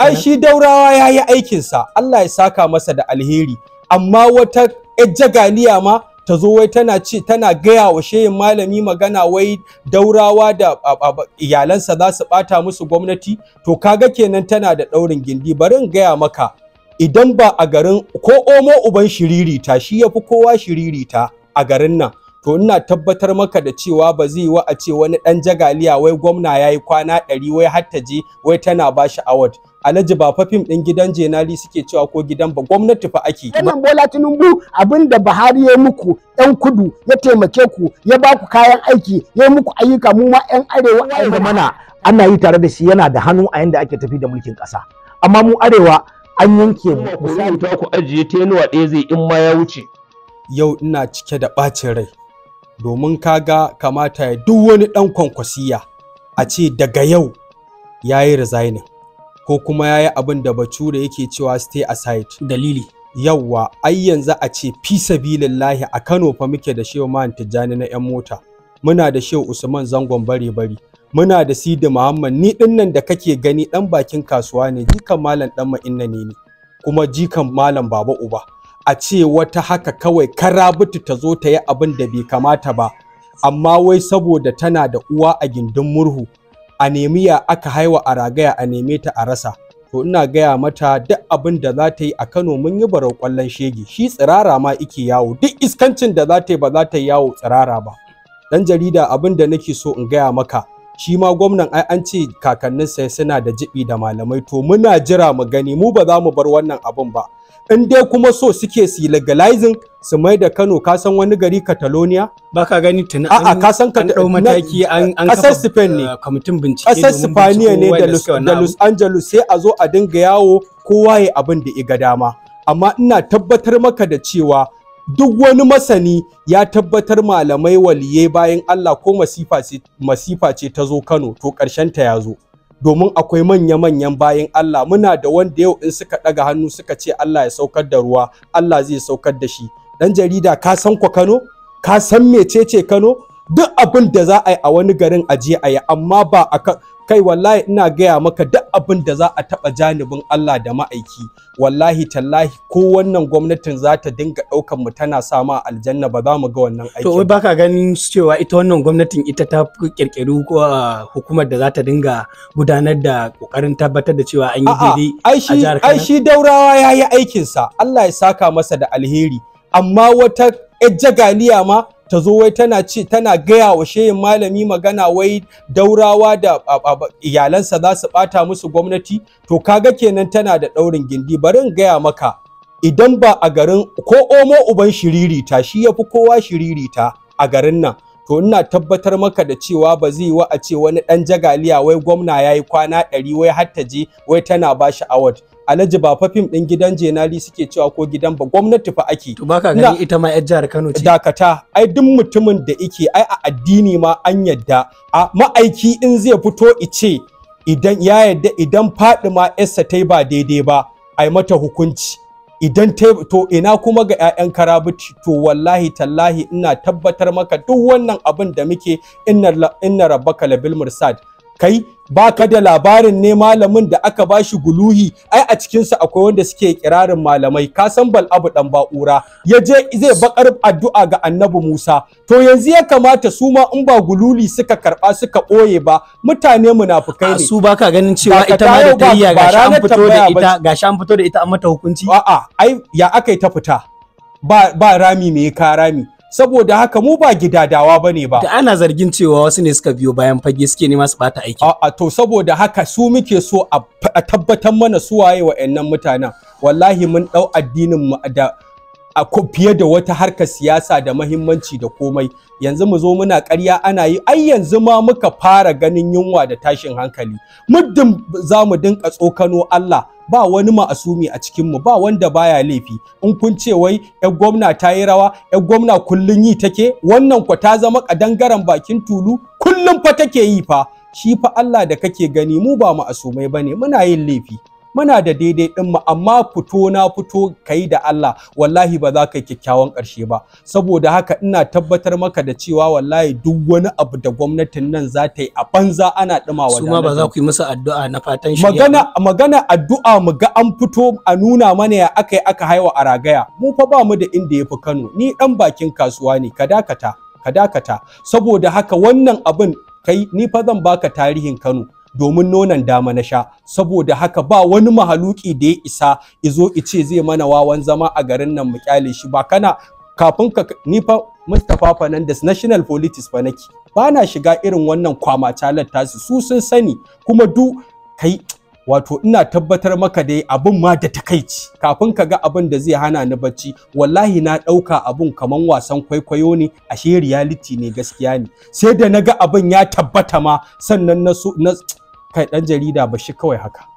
ai shi daurawa ya yi aikinsa Allah ya saka masa da alheri amma wata jaganiya ma ta zo wai tana ce tana gaya wa shehin malami magana wai daurawa da iyalansa za su bata musu gwamnati to kaga kenan tana da daurin gindi bari in gaya maka idan ba a garin ko omo uban shiririta shi ya fi kowa shiririta a garin nan to ina tabbatar maka da cewa ba zai wa a ce wani dan jagaliya wai gwamna yayi kwana ɗari wai har ta je wai tana ba bashi award alhaji ba fa fim din gidan jenali suke cewa ko gidan ba gwamnati fa ake wannan bola tinubu abin da buhari ya muku yan kudu ya taimake ku ya ba ku kayan aiki ya muku ayyuka mu ma yan arewa a mana ana yi tare da shi yana da hannu a yanda ake tafi da mulkin ƙasa amma mu arewa an yanke mu ta ku ajiye tenuwa ɗaya zai in ma ya wuce yau ina cike da ɓacin rai domin kaga kamata ya duk wani ɗan kwankwasiya a ce daga yau ya yi resigning ko kuma ya yi abin da bature yake cewa stay aside dalili yauwa ai yanzu a ce fi lahi a kano fa muke da shehu man tijjani na yan mota muna da shehu usman zangon bare bare muna da sidi muhammad ni dinnan da kake gani dan bakin kasuwa ne jikan malam dan ma'inna ne ni kuma jikan malam baba uba a ce wata haka kawai karabutu ta zo ta yi abin da bai kamata ba amma wai saboda tana da uwa a gindin murhu a nemiya aka haiwa a ragaya a neme ta a rasa to ina gaya mata duk abin da za ta yi a Kano mun yi barau kwallon shege shi tsirara ma ike yawo duk iskancin da za ta yi ba za ta yi yawo tsirara ba dan jarida abin da nake so in gaya maka shi ma gwamnan ai an ce kakanninsa suna da jibi da malamai to muna jira mu gani mu ba za mu bar wannan abin ba in dai kuma so suke su legalizing su mai da Kano ka san wani gari Catalonia ba ka gani tana a'a ka san ka dau mataki an an kasar Spain ne committee uh, bincike kasar Spain ne da Los Angeles sai a zo a dinga yawo kowa ya abin da iga dama amma ina tabbatar maka da cewa duk wani masani ya tabbatar malamai waliye bayan Allah ko masifa ce ta zo Kano to karshen ta ya zo domin akwai manya-manyan bayan Allah muna da wanda yau in suka ɗaga hannu suka ce Allah ya saukar da ruwa Allah zai saukar da shi ɗan jarida ka san kwa Kano ka san mecece Kano duk abin da za a yi a wani garin je a yi amma ba a kai wallahi ina gaya maka duk abin da za a taɓa janibin Allah da ma'aiki wallahi tallahi ko wannan gwamnatin za ta dinga ɗaukan mu tana sa ma aljanna ba za mu ga wannan aiki to wai baka ganin cewa ita wannan gwamnatin ita ta kirkiru ko hukumar da za ta dinga gudanar da kokarin tabbatar da cewa an yi daidai a jihar Kano ai shi daurawa yayi aikin sa Allah ya saka masa da alheri amma wata jagaliya ma ta zo wai tana ce tana gaya wa shehin malami magana wai daurawa da iyalansa za su bata musu gwamnati to kaga kenan tana da daurin gindi bari in gaya maka idan ba a garin ko omo uban shiririta shi yafi kowa shiririta a garin nan to ina tabbatar maka da cewa ba zai wa a ce wani dan jagaliya wai gwamna ya yi kwana ɗari wai har ta je wai tana ba shi award alhaji ba fa fim din gidan jenali suke cewa ko gidan ba gwamnati fa ake to baka gani ita ma yar jihar Kano ce dakata ai duk mutumin da yake ai a addini ma an yadda a ma'aiki in zai fito ice idan ya yadda idan ma yarsa ta yi ba daidai ba ai mata hukunci idan to ina kuma ga 'ya'yan karabuci to wallahi tallahi ina tabbatar maka duk wannan abin da muke inna rabbaka labil mursad kai baka da labarin ne malamin da aka bashi guluhi ai a cikinsa akwai wanda suke kirarin malamai ka san bal abu dan ba'ura ya je zai bakar addu'a ga annabi Musa to yanzu ya kamata su ma in ba gululi suka karba suka boye ba mutane munafukai ne su ka ganin cewa ita ma da tayya gashi an fito da ita an fito da ita an mata hukunci a'a ai ya akai ta fita ba ba rami me ka rami saboda haka mu ba gidadawa ne ba da ana zargin cewa wasu ne suka biyo bayan fage suke nema su bata aiki a to saboda haka su muke so a tabbatar mana su waye wa'annan mutanen wallahi mun dau addinin mu da a fiye da wata harkar siyasa da mahimmanci da komai yanzu mu zo muna ƙarya ana yi ai yanzu ma muka fara ganin yunwa da tashin hankali muddin za mu dinka tsokano Allah ba wani ma'asumi a cikin mu ba wanda baya laifi in kun ce wai yan gwamna ta yi rawa yan gwamna kullun yi take wannan kwa ta zama kadangaren bakin tulu kullun fa take yi fa shi fa Allah da kake gani mu ba ma'asumai bane muna yin laifi muna da daidai din mu amma fito na fito kai da Allah wallahi ba za ka yi kyakkyawan ƙarshe ba saboda haka ina tabbatar maka da cewa wallahi duk wani abu da gwamnatin nan za ta yi a banza ana dima wa ba za ku yi musu addu'a na fatan shi magana magana addu'a mu ga an fito a nuna mana ya aka aka haiwa a ragaya mu fa ba mu da inda ya fi Kano ni dan bakin kasuwa ne ka dakata ka dakata saboda haka wannan abin kai ni fa zan baka tarihin Kano domin nonon dama na sha saboda haka ba wani mahaluki da ya isa izo ice zai mana wawan zama a garin nan mu kyale shi ba kana kafin ka ni fa Mustapha Fernandes National Politics fa nake ba na shiga irin wannan kwama talar su sun sani kuma du kai wato ina tabbatar maka dai abin ma da takaici kafin ka ga abin da zai hana ni bacci wallahi na ɗauka abin kaman wasan kwaikwayo ne ashe reality ne gaskiya ne sai da na ga abin ya tabbata ma sannan na na kai ɗan jarida ba shi kawai haka